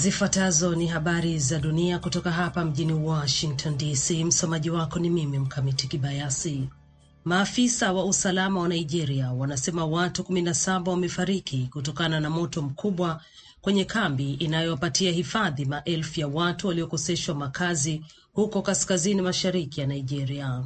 Zifuatazo ni habari za dunia kutoka hapa mjini Washington DC. Msomaji wako ni mimi Mkamiti Kibayasi. Maafisa wa usalama wa Nigeria wanasema watu kumi wamefariki kutokana na moto mkubwa kwenye kambi inayowapatia hifadhi maelfu ya watu waliokoseshwa makazi huko kaskazini mashariki ya Nigeria.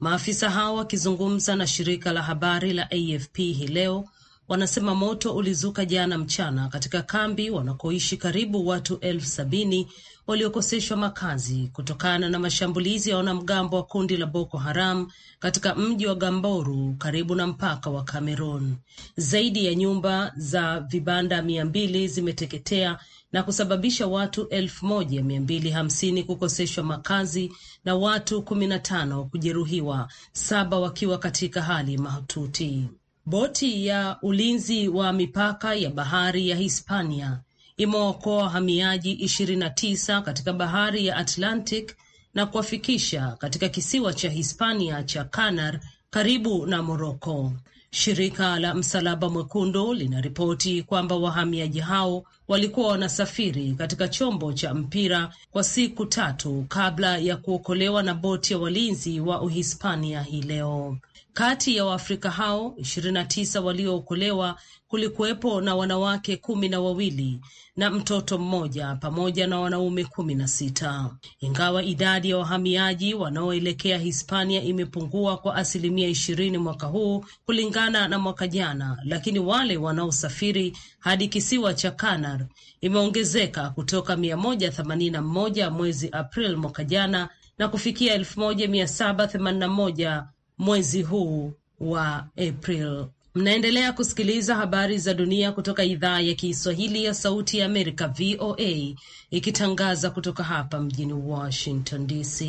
Maafisa hao wakizungumza na shirika la habari la AFP hii leo wanasema moto ulizuka jana mchana katika kambi wanakoishi karibu watu elfu sabini waliokoseshwa makazi kutokana na mashambulizi ya wanamgambo wa kundi la Boko Haram katika mji wa Gamboru karibu na mpaka wa Cameroon. Zaidi ya nyumba za vibanda mia mbili zimeteketea na kusababisha watu elfu moja mia mbili hamsini kukoseshwa makazi na watu kumi na tano kujeruhiwa, saba wakiwa katika hali mahututi. Boti ya ulinzi wa mipaka ya bahari ya Hispania imeokoa wahamiaji 29 katika bahari ya Atlantic na kuwafikisha katika kisiwa cha Hispania cha Canar karibu na Moroko. Shirika la Msalaba Mwekundu linaripoti kwamba wahamiaji hao walikuwa wanasafiri katika chombo cha mpira kwa siku tatu kabla ya kuokolewa na boti ya walinzi wa Uhispania hii leo. Kati ya Waafrika hao 29 tisa waliookolewa kulikuwepo na wanawake kumi na wawili na mtoto mmoja pamoja na wanaume kumi na sita. Ingawa idadi ya wahamiaji wanaoelekea Hispania imepungua kwa asilimia ishirini mwaka huu kulingana na mwaka jana, lakini wale wanaosafiri hadi kisiwa cha Kanar imeongezeka kutoka mia moja themanini na moja mwezi April mwaka jana na kufikia elfu moja mia saba themanini na moja mwezi huu wa april Mnaendelea kusikiliza habari za dunia kutoka idhaa ya Kiswahili ya Sauti ya Amerika, VOA, ikitangaza kutoka hapa mjini Washington DC.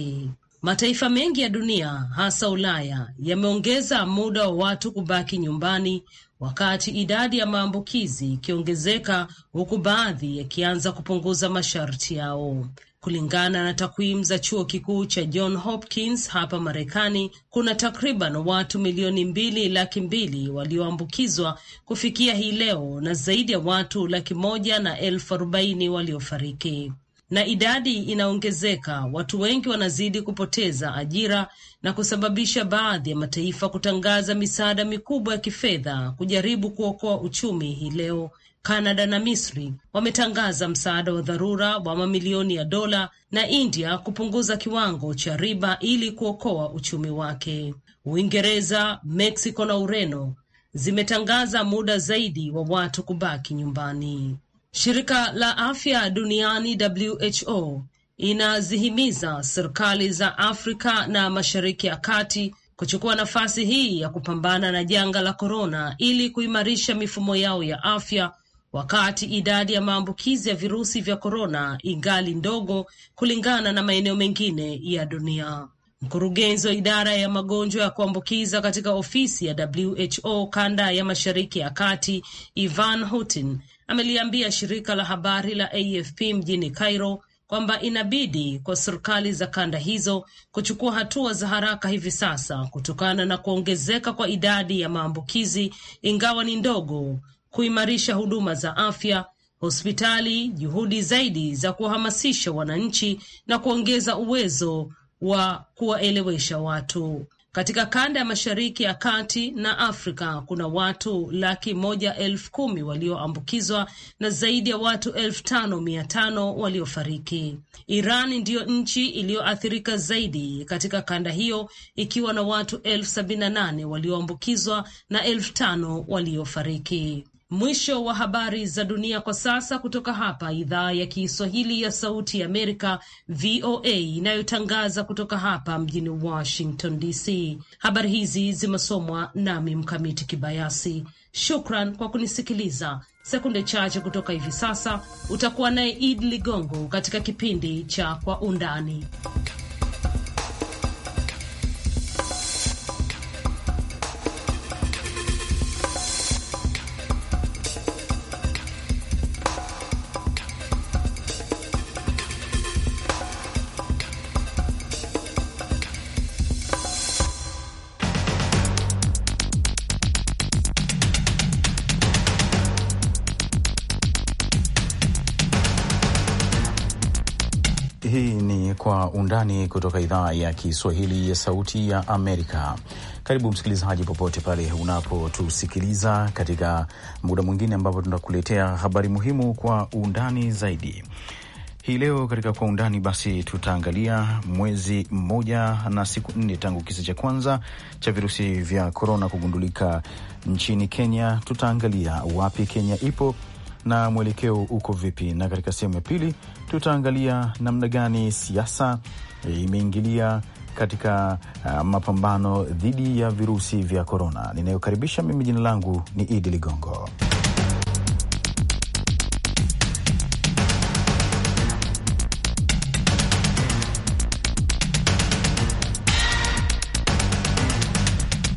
Mataifa mengi ya dunia hasa Ulaya yameongeza muda wa watu kubaki nyumbani wakati idadi ya maambukizi ikiongezeka huku baadhi yakianza kupunguza masharti yao. Kulingana na takwimu za chuo kikuu cha John Hopkins hapa Marekani, kuna takriban watu milioni mbili laki mbili walioambukizwa kufikia hii leo na zaidi ya watu laki moja na elfu arobaini waliofariki na idadi inaongezeka, watu wengi wanazidi kupoteza ajira na kusababisha baadhi ya mataifa kutangaza misaada mikubwa ya kifedha kujaribu kuokoa uchumi hii leo. Kanada na Misri wametangaza msaada wa dharura wa mamilioni ya dola na India kupunguza kiwango cha riba ili kuokoa uchumi wake. Uingereza, Meksiko na Ureno zimetangaza muda zaidi wa watu kubaki nyumbani. Shirika la Afya Duniani WHO inazihimiza serikali za Afrika na Mashariki ya Kati kuchukua nafasi hii ya kupambana na janga la korona ili kuimarisha mifumo yao ya afya, wakati idadi ya maambukizi ya virusi vya korona ingali ndogo kulingana na maeneo mengine ya dunia. Mkurugenzi wa idara ya magonjwa ya kuambukiza katika ofisi ya WHO kanda ya Mashariki ya Kati, Ivan Houghton ameliambia shirika la habari la AFP mjini Cairo kwamba inabidi kwa serikali za kanda hizo kuchukua hatua za haraka hivi sasa kutokana na kuongezeka kwa idadi ya maambukizi, ingawa ni ndogo, kuimarisha huduma za afya, hospitali, juhudi zaidi za kuwahamasisha wananchi na kuongeza uwezo wa kuwaelewesha watu. Katika kanda ya Mashariki ya Kati na Afrika kuna watu laki moja elfu kumi walioambukizwa na zaidi ya watu elfu tano mia tano waliofariki. Iran ndiyo nchi iliyoathirika zaidi katika kanda hiyo ikiwa na watu elfu sabini na nane walioambukizwa na elfu tano waliofariki. Mwisho wa habari za dunia kwa sasa kutoka hapa idhaa ya Kiswahili ya Sauti ya Amerika, VOA, inayotangaza kutoka hapa mjini Washington DC. Habari hizi zimesomwa nami Mkamiti Kibayasi. Shukran kwa kunisikiliza. Sekunde chache kutoka hivi sasa utakuwa naye Idi Ligongo katika kipindi cha Kwa Undani. Undani kutoka idhaa ya Kiswahili ya Sauti ya Amerika. Karibu msikilizaji, popote pale unapotusikiliza katika muda mwingine ambapo tunakuletea habari muhimu kwa undani zaidi. Hii leo katika kwa undani basi, tutaangalia mwezi mmoja na siku nne tangu kisa cha kwanza cha virusi vya korona kugundulika nchini Kenya. Tutaangalia wapi Kenya ipo na mwelekeo uko vipi, na katika sehemu ya pili tutaangalia namna gani siasa imeingilia katika uh, mapambano dhidi ya virusi vya korona. Ninayokaribisha mimi, jina langu ni Idi Ligongo.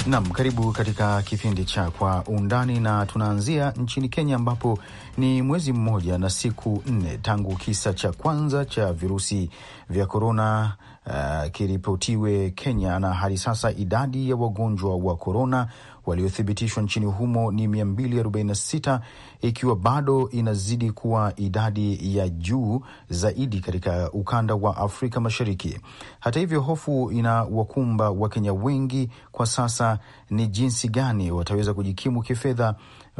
Nam, karibu katika kipindi cha Kwa Undani, na tunaanzia nchini Kenya, ambapo ni mwezi mmoja na siku nne tangu kisa cha kwanza cha virusi vya korona uh, kiripotiwe Kenya, na hadi sasa idadi ya wagonjwa wa korona waliothibitishwa nchini humo ni 246 ikiwa bado inazidi kuwa idadi ya juu zaidi katika ukanda wa Afrika Mashariki. Hata hivyo, hofu inawakumba Wakenya wengi kwa sasa ni jinsi gani wataweza kujikimu kifedha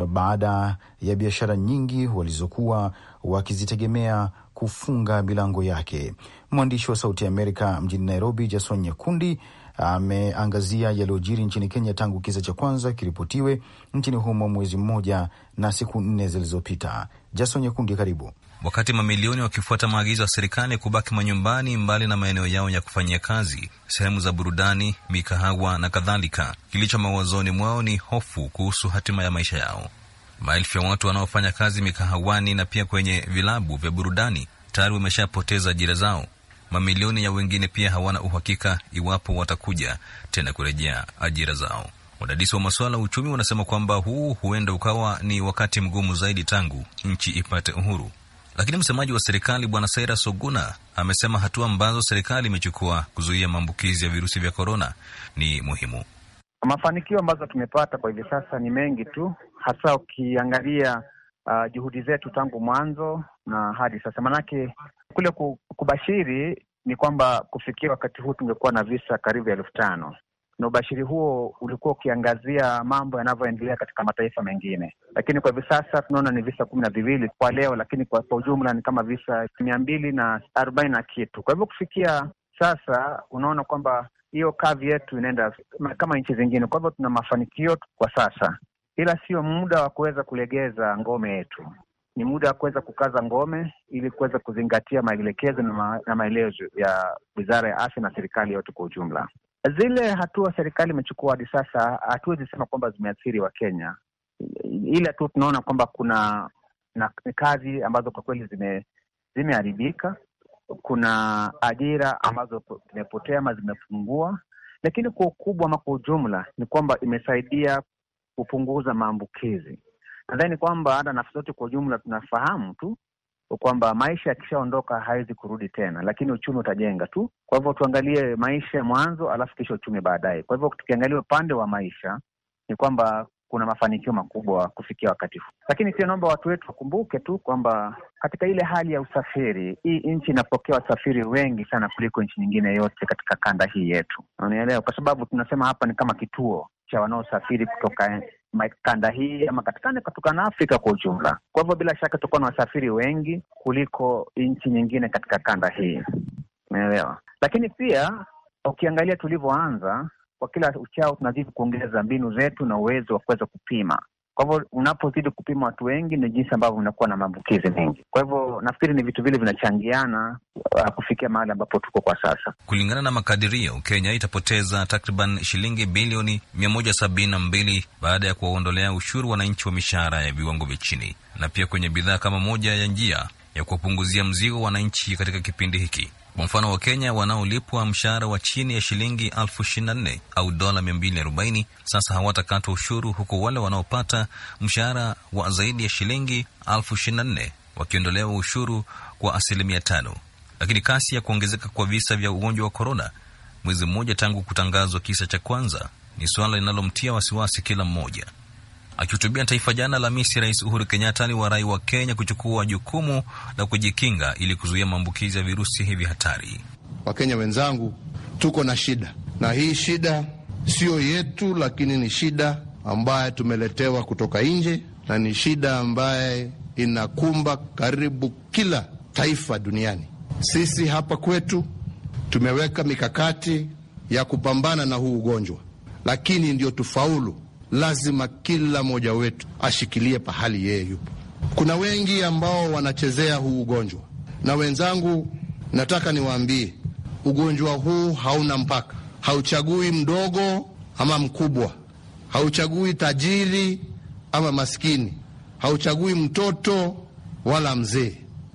baada ya biashara nyingi walizokuwa wakizitegemea kufunga milango yake. Mwandishi wa Sauti ya Amerika mjini Nairobi, Jason Nyakundi ameangazia yaliyojiri nchini Kenya tangu kisa cha kwanza kiripotiwe nchini humo mwezi mmoja na siku nne zilizopita. Jason nyekundi karibu. Wakati mamilioni wakifuata maagizo ya serikali kubaki manyumbani, mbali na maeneo yao ya kufanyia kazi, sehemu za burudani, mikahawa na kadhalika, kilicho mawazoni mwao ni hofu kuhusu hatima ya maisha yao. Maelfu ya watu wanaofanya kazi mikahawani na pia kwenye vilabu vya burudani tayari wameshapoteza ajira zao. Mamilioni ya wengine pia hawana uhakika iwapo watakuja tena kurejea ajira zao. Wadadisi wa masuala ya uchumi wanasema kwamba huu huenda ukawa ni wakati mgumu zaidi tangu nchi ipate uhuru. Lakini msemaji wa serikali Bwana Saira Soguna amesema hatua ambazo serikali imechukua kuzuia maambukizi ya virusi vya korona ni muhimu. Mafanikio ambazo tumepata kwa hivi sasa ni mengi tu, hasa ukiangalia uh, juhudi zetu tangu mwanzo na hadi sasa, maanake kule kubashiri ni kwamba kufikia wakati huu tungekuwa na visa karibu elfu tano na ubashiri huo ulikuwa ukiangazia mambo yanavyoendelea katika mataifa mengine, lakini kwa hivi sasa tunaona ni visa kumi na viwili kwa leo, lakini kwa ujumla ni kama visa mia mbili na arobaini na kitu. Kwa hivyo kufikia sasa unaona kwamba hiyo kavi yetu inaenda kama nchi zingine. Kwa hivyo tuna mafanikio kwa sasa, ila sio muda wa kuweza kulegeza ngome yetu ni muda wa kuweza kukaza ngome ili kuweza kuzingatia maelekezo na, ma, na maelezo ya wizara ya afya na serikali yote kwa ujumla. Zile hatua serikali imechukua hadi sasa, hatuwezi sema kwamba zimeathiri Wakenya, ila tu tunaona kwamba kuna na kazi ambazo kwa kweli zime, zimeharibika. Kuna ajira ambazo zimepotea ama zimepungua, lakini kwa ukubwa ama kwa ujumla ni kwamba imesaidia kupunguza maambukizi nadhani kwamba hata nafsi zote kwa ujumla tunafahamu tu kwamba maisha yakishaondoka hawezi kurudi tena, lakini uchumi utajenga tu. Kwa hivyo tuangalie maisha mwanzo, alafu kisha uchumi baadaye. Kwa hivyo tukiangalia upande wa maisha ni kwamba kuna mafanikio makubwa kufikia wakati huu, lakini pia naomba watu wetu wakumbuke tu kwamba katika ile hali ya usafiri, hii nchi inapokea wasafiri wengi sana kuliko nchi nyingine yote katika kanda hii yetu, unaelewa? Kwa sababu tunasema hapa ni kama kituo cha wanaosafiri kutoka kanda hii ama katikane kutokana na Afrika kwa ujumla. Kwa hivyo bila shaka tutakuwa na wasafiri wengi kuliko nchi nyingine katika kanda hii, umeelewa? Lakini pia ukiangalia tulivyoanza, kwa kila uchao tunazidi kuongeza mbinu zetu na uwezo wa kuweza kupima kwa hivyo unapozidi kupima watu wengi, ni jinsi ambavyo unakuwa na maambukizi mengi. Kwa hivyo nafikiri ni vitu vile vinachangiana uh, kufikia mahali ambapo tuko kwa sasa. Kulingana na makadirio, Kenya itapoteza takriban shilingi bilioni mia moja sabini na mbili baada ya kuwaondolea ushuru wananchi wa mishahara ya viwango vya chini na pia kwenye bidhaa kama moja ya njia ya kuwapunguzia mzigo wananchi katika kipindi hiki. Kwa mfano, Wakenya wanaolipwa mshahara wa chini ya shilingi elfu ishirini na nne au dola 240 sasa hawatakatwa ushuru, huku wale wanaopata mshahara wa zaidi ya shilingi elfu ishirini na nne wakiondolewa ushuru kwa asilimia tano. Lakini kasi ya kuongezeka kwa visa vya ugonjwa wa korona mwezi mmoja tangu kutangazwa kisa cha kwanza ni suala linalomtia wasiwasi kila mmoja. Akihutubia taifa jana la Misri, Rais Uhuru Kenyatta ni warai wa Kenya kuchukua jukumu la kujikinga ili kuzuia maambukizi ya virusi hivi hatari. Wakenya wenzangu, tuko na shida, na hii shida siyo yetu, lakini ni shida ambaye tumeletewa kutoka nje, na ni shida ambaye inakumba karibu kila taifa duniani. Sisi hapa kwetu tumeweka mikakati ya kupambana na huu ugonjwa, lakini ndio tufaulu lazima kila mmoja wetu ashikilie pahali yeye yupo. Kuna wengi ambao wanachezea huu ugonjwa, na wenzangu, nataka niwaambie ugonjwa huu hauna mpaka, hauchagui mdogo ama mkubwa, hauchagui tajiri ama maskini, hauchagui mtoto wala mzee.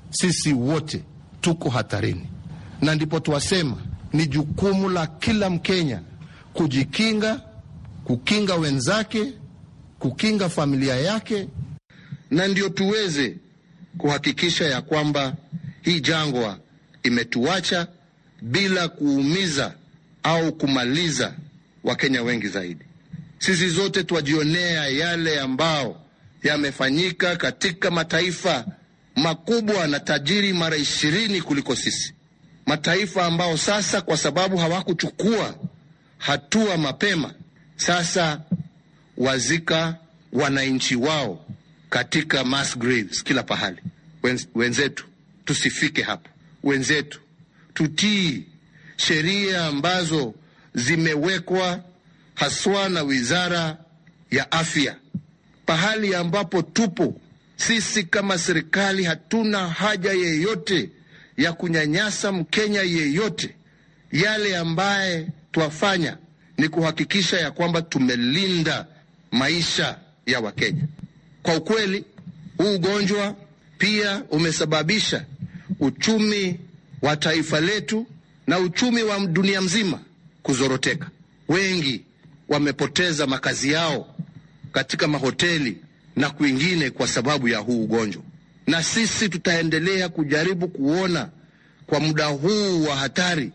Sisi wote tuko hatarini, na ndipo twasema ni jukumu la kila Mkenya kujikinga kukinga wenzake, kukinga familia yake, na ndio tuweze kuhakikisha ya kwamba hii jangwa imetuacha bila kuumiza au kumaliza Wakenya wengi zaidi. Sisi zote twajionea yale ambao yamefanyika katika mataifa makubwa na tajiri mara ishirini kuliko sisi, mataifa ambao sasa kwa sababu hawakuchukua hatua mapema sasa wazika wananchi wao katika mass graves kila pahali. Wenzetu tusifike hapo, wenzetu tutii sheria ambazo zimewekwa haswa na Wizara ya Afya. Pahali ambapo tupo sisi kama serikali, hatuna haja yeyote ya kunyanyasa Mkenya yeyote. Yale ambaye twafanya ni kuhakikisha ya kwamba tumelinda maisha ya Wakenya. Kwa ukweli, huu ugonjwa pia umesababisha uchumi wa taifa letu na uchumi wa dunia mzima kuzoroteka. Wengi wamepoteza makazi yao katika mahoteli na kwingine kwa sababu ya huu ugonjwa, na sisi tutaendelea kujaribu kuona kwa muda huu wa hatari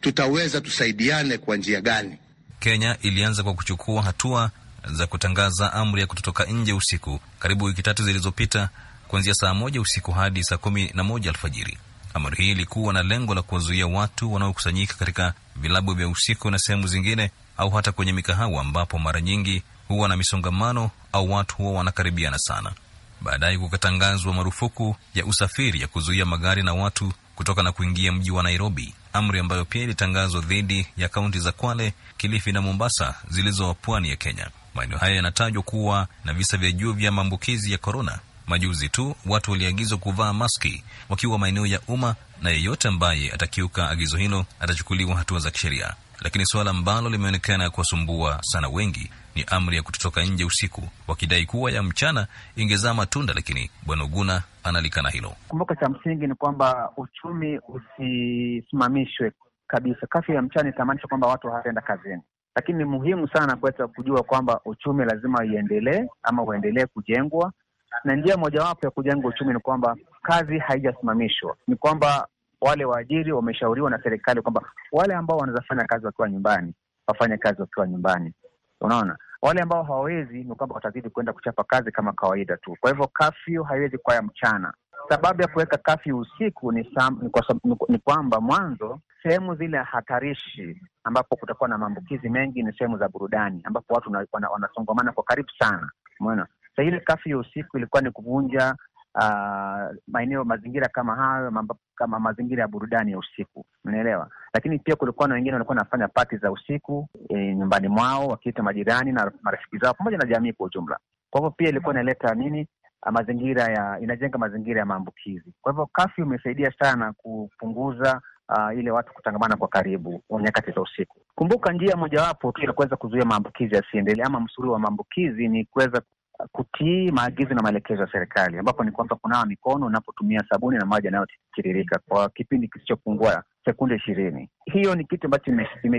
tutaweza tusaidiane kwa njia gani. Kenya ilianza kwa kuchukua hatua za kutangaza amri ya kutotoka nje usiku karibu wiki tatu zilizopita kuanzia saa moja usiku hadi saa kumi na moja alfajiri. Amri hii ilikuwa na lengo la kuwazuia watu wanaokusanyika katika vilabu vya usiku na sehemu zingine au hata kwenye mikahawa ambapo mara nyingi huwa na misongamano au watu huwa wanakaribiana sana. Baadaye kukatangazwa marufuku ya usafiri ya kuzuia magari na watu kutoka na kuingia mji wa Nairobi amri ambayo pia ilitangazwa dhidi ya kaunti za Kwale, Kilifi na Mombasa zilizo pwani ya Kenya. Maeneo haya yanatajwa kuwa na visa vya juu vya maambukizi ya korona. Majuzi tu watu waliagizwa kuvaa maski wakiwa maeneo ya umma, na yeyote ambaye atakiuka agizo hilo atachukuliwa hatua za kisheria, lakini suala ambalo limeonekana kuwasumbua sana wengi ni amri ya kutotoka nje usiku, wakidai kuwa ya mchana ingezaa matunda, lakini Bwana Uguna analikana hilo. Kumbuka cha msingi ni kwamba uchumi usisimamishwe kabisa. Kafyu ya mchana itamaanisha kwamba watu hawataenda kazini, lakini ni muhimu sana kuweza kujua kwamba uchumi lazima iendelee ama uendelee kujengwa, na njia mojawapo ya kujenga uchumi ni kwamba kazi haijasimamishwa, ni kwamba wale waajiri wameshauriwa na serikali kwamba wale ambao wanaweza fanya kazi wakiwa nyumbani wafanye kazi wakiwa nyumbani. Unaona, wale ambao hawawezi ni kwamba watazidi kuenda kuchapa kazi kama kawaida tu. Kwa hivyo kafyu haiwezi kuwa ya mchana. Sababu ya kuweka kafyu usiku ni, sam, ni, kwa, ni, kwamba mwanzo, sehemu zile hatarishi ambapo kutakuwa na maambukizi mengi ni sehemu za burudani ambapo watu wanasongamana kwa karibu sana, umeona. Sa ile kafyu ya usiku ilikuwa ni kuvunja uh, maeneo mazingira kama hayo kama mazingira ya burudani ya usiku, unaelewa. Lakini pia kulikuwa na wengine walikuwa wanafanya pati za usiku e, nyumbani mwao wakiita majirani na marafiki zao pamoja na jamii kwa ujumla. Kwa hivyo pia ilikuwa inaleta nini, ah, mazingira ya inajenga mazingira ya maambukizi. Kwa hivyo kafi umesaidia sana kupunguza Uh, ile watu kutangamana kwa karibu nyakati za usiku. Kumbuka, njia mojawapo tu ya kuweza kuzuia maambukizi yasiendelee ama msuri wa maambukizi ni kuweza kutii maagizo na maelekezo ya serikali, ambapo ni kwamba kunawa mikono unapotumia sabuni na maji yanayotiririka kwa kipindi kisichopungua sekunde ishirini. Hiyo ni kitu ambacho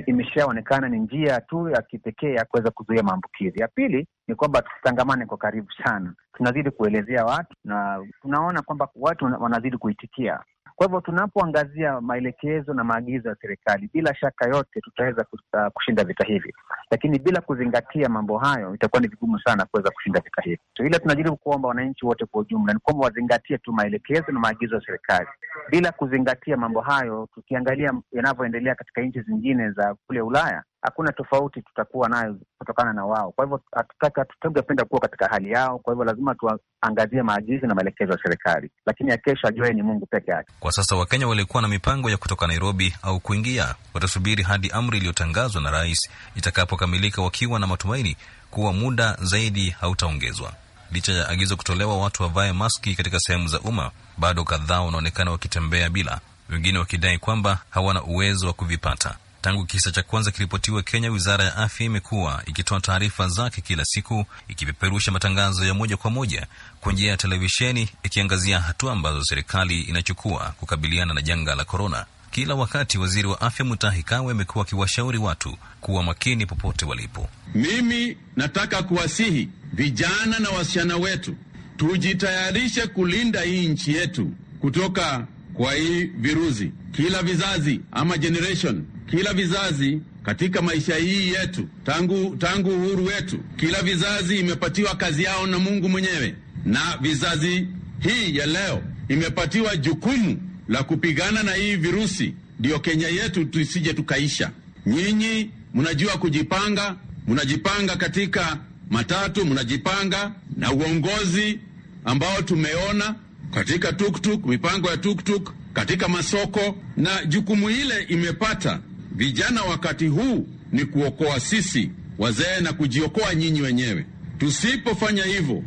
imeshaonekana ni njia tu ya kipekee ya kuweza kuzuia maambukizi. Ya pili ni kwamba tutangamane kwa karibu sana, tunazidi kuelezea watu na tunaona kwamba watu wanazidi kuitikia. Kwa hivyo tunapoangazia maelekezo na maagizo ya serikali, bila shaka yote tutaweza uh, kushinda vita hivi, lakini bila kuzingatia mambo hayo itakuwa ni vigumu sana kuweza kushinda vita hivi. So, ila tunajaribu kuomba wananchi wote kwa ujumla ni kwamba wazingatie tu maelekezo na maagizo ya serikali. Bila kuzingatia mambo hayo, tukiangalia yanavyoendelea katika nchi zingine za kule Ulaya hakuna tofauti tutakuwa nayo kutokana na wao. Kwa hivyo hatutaki, apenda kuwa katika hali yao. Kwa hivyo lazima tuangazie maagizo na maelekezo ya serikali, lakini ya kesho ajuae ni Mungu peke yake. Kwa sasa Wakenya waliokuwa na mipango ya kutoka Nairobi au kuingia watasubiri hadi amri iliyotangazwa na rais itakapokamilika, wakiwa na matumaini kuwa muda zaidi hautaongezwa. Licha ya agizo kutolewa watu wavae maski katika sehemu za umma, bado kadhaa wanaonekana wakitembea bila, wengine wakidai kwamba hawana uwezo wa kuvipata. Tangu kisa cha kwanza kiripotiwa Kenya, wizara ya afya imekuwa ikitoa taarifa zake kila siku, ikipeperusha matangazo ya moja kwa moja kwa njia ya televisheni, ikiangazia hatua ambazo serikali inachukua kukabiliana na janga la korona. Kila wakati waziri wa afya Mutahi Kagwe amekuwa akiwashauri watu kuwa makini popote walipo. Mimi nataka kuwasihi vijana na wasichana wetu tujitayarishe kulinda hii nchi yetu kutoka kwa hii virusi. Kila vizazi ama generation kila vizazi katika maisha hii yetu tangu tangu uhuru wetu, kila vizazi imepatiwa kazi yao na Mungu mwenyewe, na vizazi hii ya leo imepatiwa jukumu la kupigana na hii virusi, ndiyo Kenya yetu tusije tukaisha. Nyinyi mnajua kujipanga, mnajipanga katika matatu, mnajipanga na uongozi ambao tumeona katika tuktuk, mipango ya tuktuk katika masoko, na jukumu ile imepata Vijana wakati huu ni kuokoa sisi wazee na kujiokoa nyinyi wenyewe. Tusipofanya hivyo,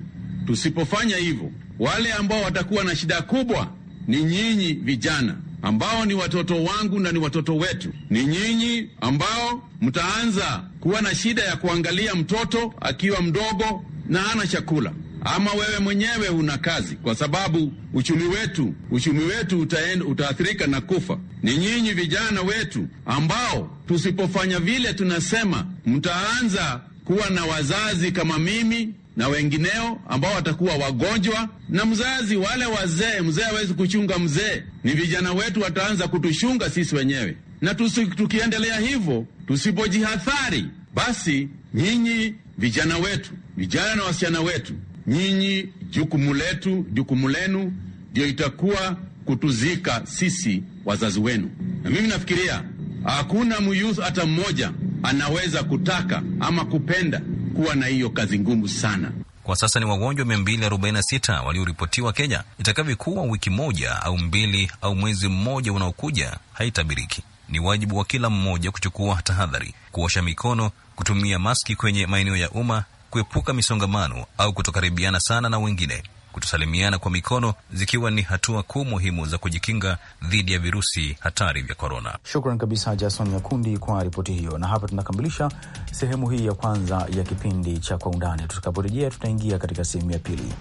tusipofanya hivyo, wale ambao watakuwa na shida kubwa ni nyinyi vijana ambao ni watoto wangu na ni watoto wetu. Ni nyinyi ambao mtaanza kuwa na shida ya kuangalia mtoto akiwa mdogo na hana chakula ama wewe mwenyewe una kazi, kwa sababu uchumi wetu uchumi wetu utaen, utaathirika na kufa. Ni nyinyi vijana wetu ambao tusipofanya vile tunasema, mtaanza kuwa na wazazi kama mimi na wengineo ambao watakuwa wagonjwa na mzazi, wale wazee. Mzee hawezi kuchunga mzee, ni vijana wetu wataanza kutushunga sisi wenyewe, na tusi, tukiendelea hivyo, tusipojihadhari, basi nyinyi vijana wetu, vijana na wasichana wetu nyinyi, jukumu letu, jukumu lenu ndio itakuwa kutuzika sisi wazazi wenu. Na mimi nafikiria hakuna myuth hata mmoja anaweza kutaka ama kupenda kuwa na hiyo kazi ngumu sana. Kwa sasa ni wagonjwa 246 walioripotiwa Kenya. Itakavyokuwa wiki moja au mbili au mwezi mmoja unaokuja haitabiriki. Ni wajibu wa kila mmoja kuchukua tahadhari, kuosha mikono, kutumia maski kwenye maeneo ya umma kuepuka misongamano au kutokaribiana sana na wengine. Kutosalimiana kwa mikono zikiwa ni hatua kuu muhimu za kujikinga dhidi ya virusi hatari vya korona. Shukran kabisa Jason Nyakundi kwa ripoti hiyo, na hapa tunakamilisha sehemu hii ya kwanza ya kipindi cha Kwa Undani. Tutakaporejea, tutaingia katika sehemu ya pili.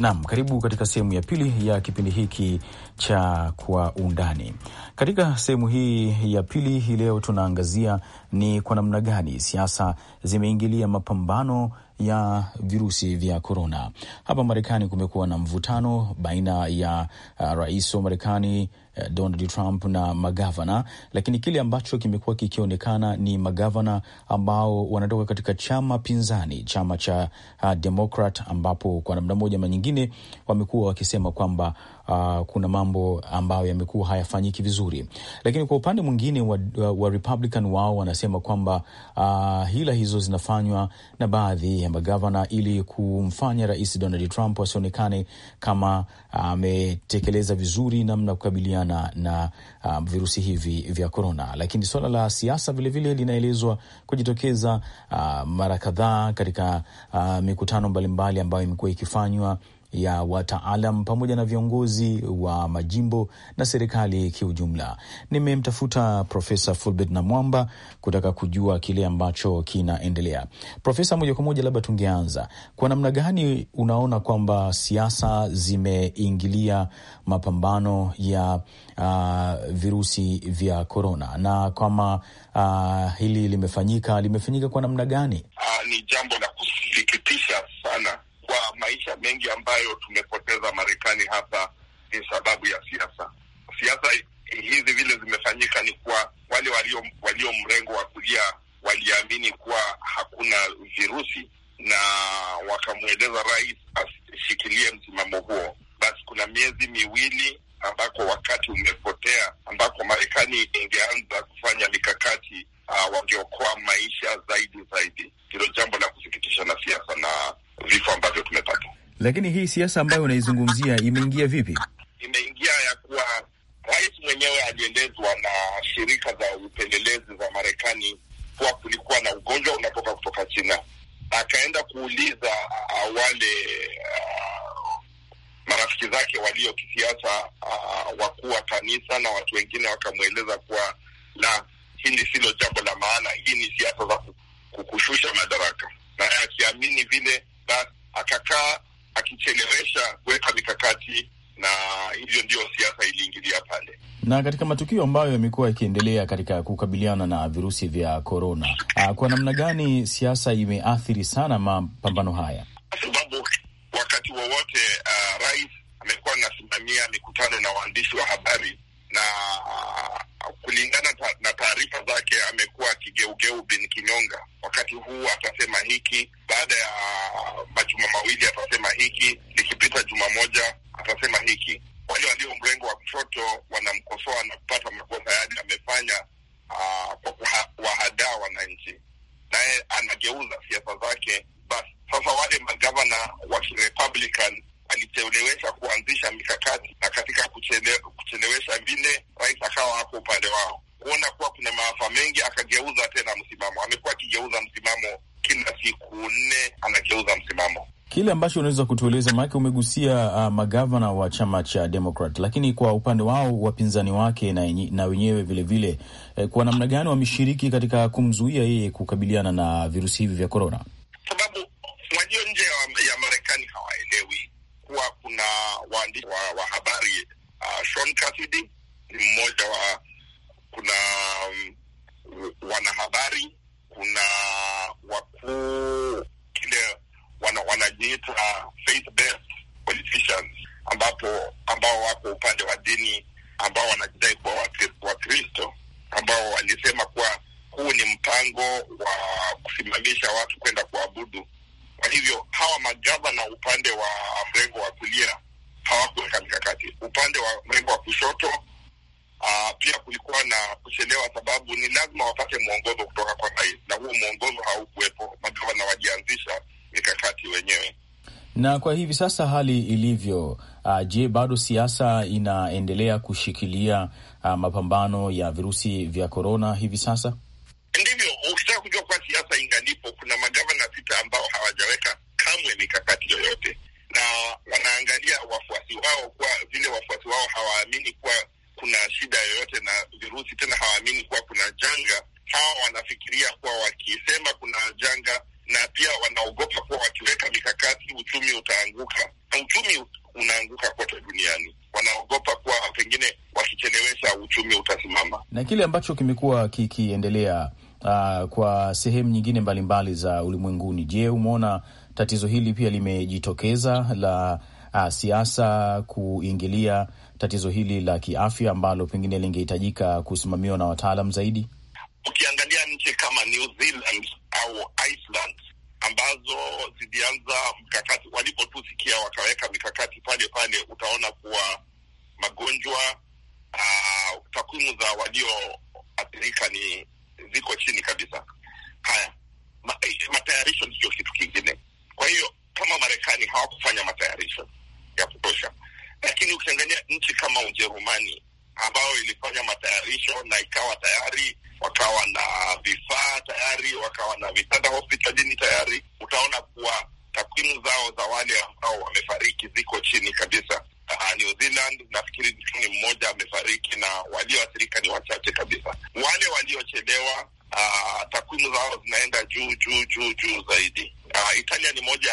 Naam, karibu katika sehemu ya pili ya kipindi hiki cha Kwa Undani. Katika sehemu hii ya pili hii leo tunaangazia ni kwa namna gani siasa zimeingilia mapambano ya virusi vya korona. Hapa Marekani kumekuwa na mvutano baina ya uh, rais wa Marekani uh, Donald Trump na magavana, lakini kile ambacho kimekuwa kikionekana ni magavana ambao wanatoka katika chama pinzani, chama cha uh, Democrat, ambapo kwa namna moja ama nyingine wamekuwa wakisema kwamba uh, kuna mambo ambayo yamekuwa hayafanyiki vizuri, lakini kwa upande mwingine wa, wa, wa Republican wao wanasema kwamba uh, hila hizo zinafanywa na baadhi ya magavana ili kumfanya Rais Donald Trump asionekane kama ametekeleza uh, vizuri namna kukabiliana na uh, virusi hivi vya korona. Lakini suala la siasa vilevile linaelezwa kujitokeza uh, mara kadhaa katika uh, mikutano mbalimbali ambayo imekuwa ikifanywa ya wataalam pamoja na viongozi wa majimbo na serikali kiujumla. Nimemtafuta Profesa Fulbert Namwamba kutaka kujua kile ambacho kinaendelea. Profesa, moja kwa moja, labda tungeanza kwa namna gani unaona kwamba siasa zimeingilia mapambano ya uh, virusi vya korona na kama uh, hili limefanyika limefanyika kwa namna gani? Uh, ni jambo la kusikitisha sana kwa maisha mengi ambayo tumepoteza Marekani, hasa ni sababu ya siasa. Siasa hizi vile zimefanyika ni kwa wale walio, walio mrengo wa kulia waliamini kuwa hakuna virusi na wakamweleza rais ashikilie msimamo huo. Basi kuna miezi miwili ambako wakati umepotea, ambako Marekani ingeanza kufanya mikakati uh, wangeokoa maisha zaidi zaidi. Ndilo jambo la kusikitisha na siasa na vifo ambavyo tumepata. Lakini hii siasa ambayo unaizungumzia imeingia vipi? Imeingia ya kuwa rais mwenyewe alielezwa na shirika za upelelezi za Marekani kuwa kulikuwa na ugonjwa unatoka kutoka China, akaenda kuuliza uh, wale uh, marafiki zake walio kisiasa uh, wakuu wa kanisa na watu wengine, wakamweleza kuwa la hili silo jambo maana hii ni siasa za kukushusha madaraka, naye akiamini vile, basi akakaa akichelewesha kuweka mikakati, na hivyo ndio siasa iliingilia pale. Na katika matukio ambayo yamekuwa yakiendelea katika kukabiliana na virusi vya korona, ah, kwa namna gani siasa imeathiri sana mapambano haya? Kwa sababu wakati wowote wa uh, rais amekuwa anasimamia mikutano na waandishi wa habari na uh, kulingana ta, na taarifa zake amekuwa akigeugeu bin kinyonga. Wakati huu atasema hiki, baada ya uh, majuma mawili atasema hiki, likipita juma moja atasema hiki. Wale walio mrengo wa kushoto wanamkosoa na kupata makosa yale amefanya uh, kwa kuwahadaa wananchi, naye anageuza siasa zake. Basi sasa wale magavana wa Republican kuichelewesha kuanzisha mikakati, na katika kuchele, kuchelewesha vile rais akawa hapo upande wao kuona kuwa kuna maafa mengi, akageuza tena msimamo. Amekuwa akigeuza msimamo kila siku nne, anageuza msimamo kile ambacho unaweza kutueleza maanake, umegusia uh, magavana wa chama cha Demokrat, lakini kwa upande wao wapinzani wake na, na wenyewe vilevile eh, kwa namna gani wameshiriki katika kumzuia yeye kukabiliana na virusi hivi vya korona? Sababu walio nje ya Marekani hawaelewi kuwa kuna waandishi wa, wa habari uh, Sean Cassidy ni mmoja wa, kuna um, wanahabari, kuna wakuu kile wana, wanajiita faith based politicians ambapo ambao wako upande wa dini ambao wanajidai kuwa Wakristo ambao walisema kuwa huu ni mpango wa kusimamisha watu kwenda kuabudu kwa hivyo hawa magavana upande wa mrengo wa kulia hawakuweka mikakati. Upande wa mrengo wa kushoto uh, pia kulikuwa na kuchelewa, sababu ni lazima wapate mwongozo kutoka kwa rais, na huo mwongozo haukuwepo. Magavana wajianzisha mikakati wenyewe na kwa hivi sasa hali ilivyo, uh, je, bado siasa inaendelea kushikilia uh, mapambano ya virusi vya korona hivi sasa? Ndivyo. mikakati yoyote, na wanaangalia wafuasi wao, kuwa vile wafuasi wao hawaamini kuwa kuna shida yoyote na virusi, tena hawaamini kuwa kuna janga. Hawa wanafikiria kuwa wakisema kuna janga, na pia wanaogopa kuwa wakiweka mikakati uchumi utaanguka. na Uchumi unaanguka kote duniani, wanaogopa kuwa pengine wakichelewesha uchumi utasimama, na kile ambacho kimekuwa kikiendelea Uh, kwa sehemu nyingine mbalimbali mbali za ulimwenguni. Je, umeona tatizo hili pia limejitokeza la uh, siasa kuingilia tatizo hili la kiafya ambalo pengine lingehitajika kusimamiwa na wataalam zaidi. Ukiangalia nchi kama New Zealand au Iceland ambazo zilianza mkakati, walipotusikia wakaweka mikakati pale pale, utaona kuwa magonjwa uh, takwimu za walioathirika ni ziko chini kabisa. Haya, eh, matayarisho ndicho kitu kingine. Kwa hiyo kama Marekani hawakufanya matayarisho ya kutosha, lakini ukiangalia nchi kama Ujerumani ambayo ilifanya matayarisho na ikawa tayari, wakawa na vifaa tayari, wakawa na vitanda hospitalini tayari, utaona kuwa takwimu zao za wale ambao wamefariki ziko chini kabisa. Uh, New Zealand nafikiri ni mmoja amefariki, na walioathirika ni wachache kabisa. Wale waliochelewa Ah, takwimu zao zinaenda juu juu juu juu zaidi. Uh, Italia ni moja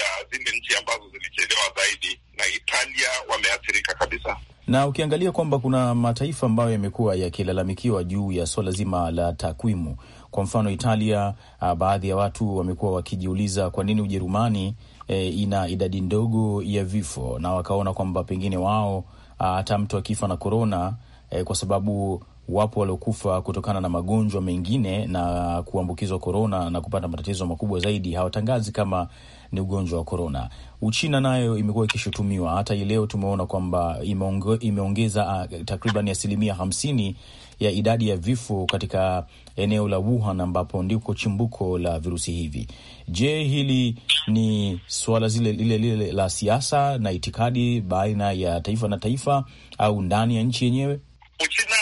ya zile nchi ambazo zilichelewa zaidi, na Italia wameathirika kabisa na ukiangalia kwamba kuna mataifa ambayo yamekuwa yakilalamikiwa juu ya swala zima la takwimu. Kwa mfano Italia, a, ah, baadhi ya watu wamekuwa wakijiuliza kwa nini Ujerumani e, ina idadi ndogo ya vifo, na wakaona kwamba pengine wao hata mtu akifa na korona e, eh, kwa sababu wapo waliokufa kutokana na magonjwa mengine na kuambukizwa korona na kupata matatizo makubwa zaidi, hawatangazi kama ni ugonjwa wa korona. Uchina nayo imekuwa ikishutumiwa, hata hii leo tumeona kwamba imeonge, imeongeza uh, takriban asilimia hamsini ya idadi ya vifo katika eneo la Wuhan ambapo ndiko chimbuko la virusi hivi. Je, hili ni suala zile lile lile la siasa na itikadi baina ya taifa na taifa au ndani ya nchi yenyewe? Uchina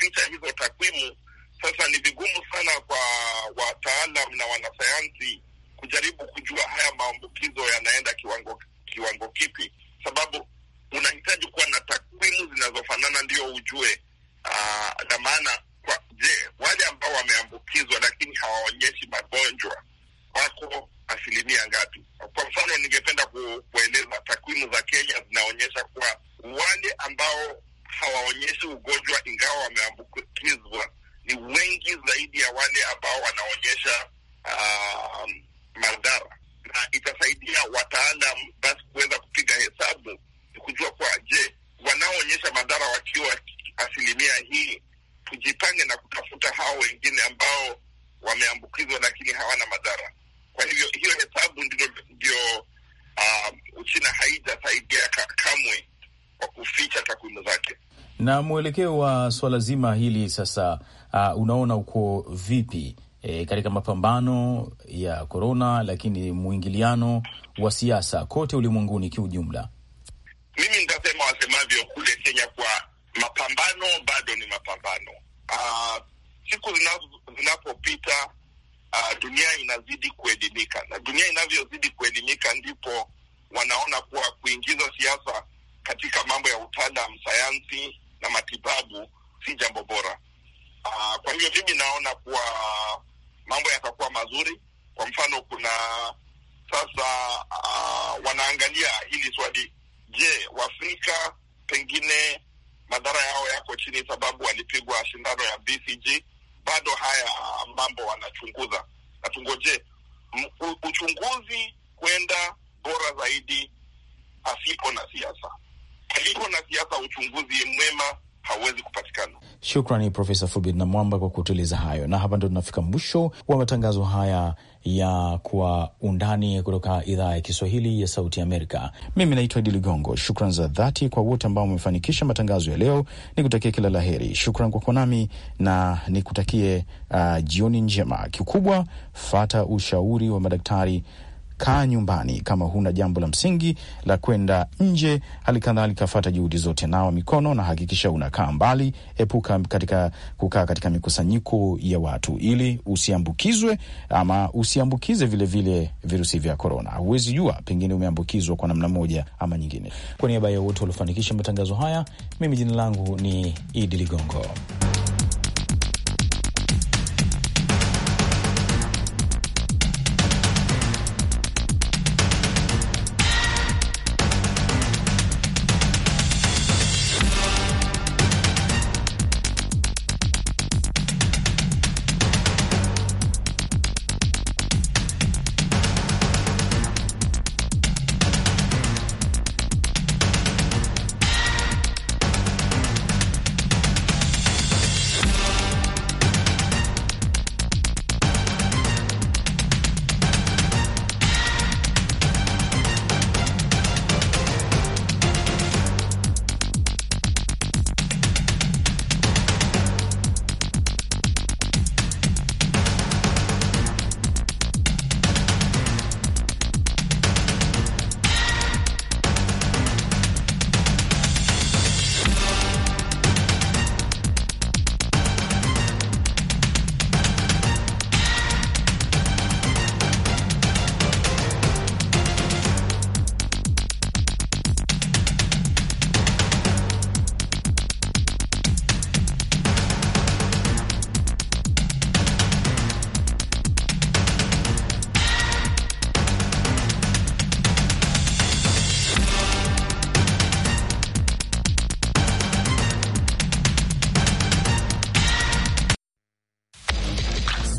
kuficha hizo takwimu. Sasa ni vigumu sana kwa wataalam na wanasayansi kujaribu kujua haya maambukizo yanaenda kiwango kiwango kipi, sababu unahitaji kuwa na takwimu zinazofanana ndio ujue ah, na maana kwa je, wale ambao wameambukizwa lakini hawaonyeshi magonjwa wako asilimia ngapi? Kwa mfano, ningependa kueleza takwimu za Kenya zinaonyesha kuwa wale ambao hawaonyeshi ugonjwa ingawa wameambukizwa, ni wengi zaidi ya wale ambao wanaonyesha um, na mwelekeo wa swala zima hili sasa, uh, unaona uko vipi e, katika mapambano ya korona, lakini mwingiliano wa siasa kote ulimwenguni kiujumla? si jambo bora. Uh, kwa hivyo mimi naona kuwa mambo yatakuwa mazuri. Kwa mfano, kuna sasa uh, wanaangalia hili swali, je, Waafrika pengine madhara yao yako chini sababu walipigwa shindano ya BCG? Bado haya mambo wanachunguza na tungoje uchunguzi kwenda bora zaidi, pasipo na siasa. Palipo na siasa, uchunguzi mwema hauwezi kupatikana. Shukrani Profesa Fulbert na Mwamba kwa kutueleza hayo, na hapa ndo tunafika mwisho wa matangazo haya ya Kwa Undani kutoka idhaa ya Kiswahili ya Sauti Amerika. Mimi naitwa Idi Ligongo. Shukran za dhati kwa wote ambao wamefanikisha matangazo ya leo, kutakie kila la heri. Shukran kwa kuwa nami na nikutakie uh, jioni njema. Kikubwa fata ushauri wa madaktari kaa nyumbani kama huna jambo la msingi la kwenda nje. Hali kadhalika fata juhudi zote, nawa mikono na hakikisha unakaa mbali, epuka katika kukaa katika mikusanyiko ya watu ili usiambukizwe ama usiambukize vilevile virusi vya korona. Huwezi jua, pengine umeambukizwa kwa namna moja ama nyingine. Kwa niaba ya wote waliofanikisha matangazo haya, mimi jina langu ni Idi Ligongo.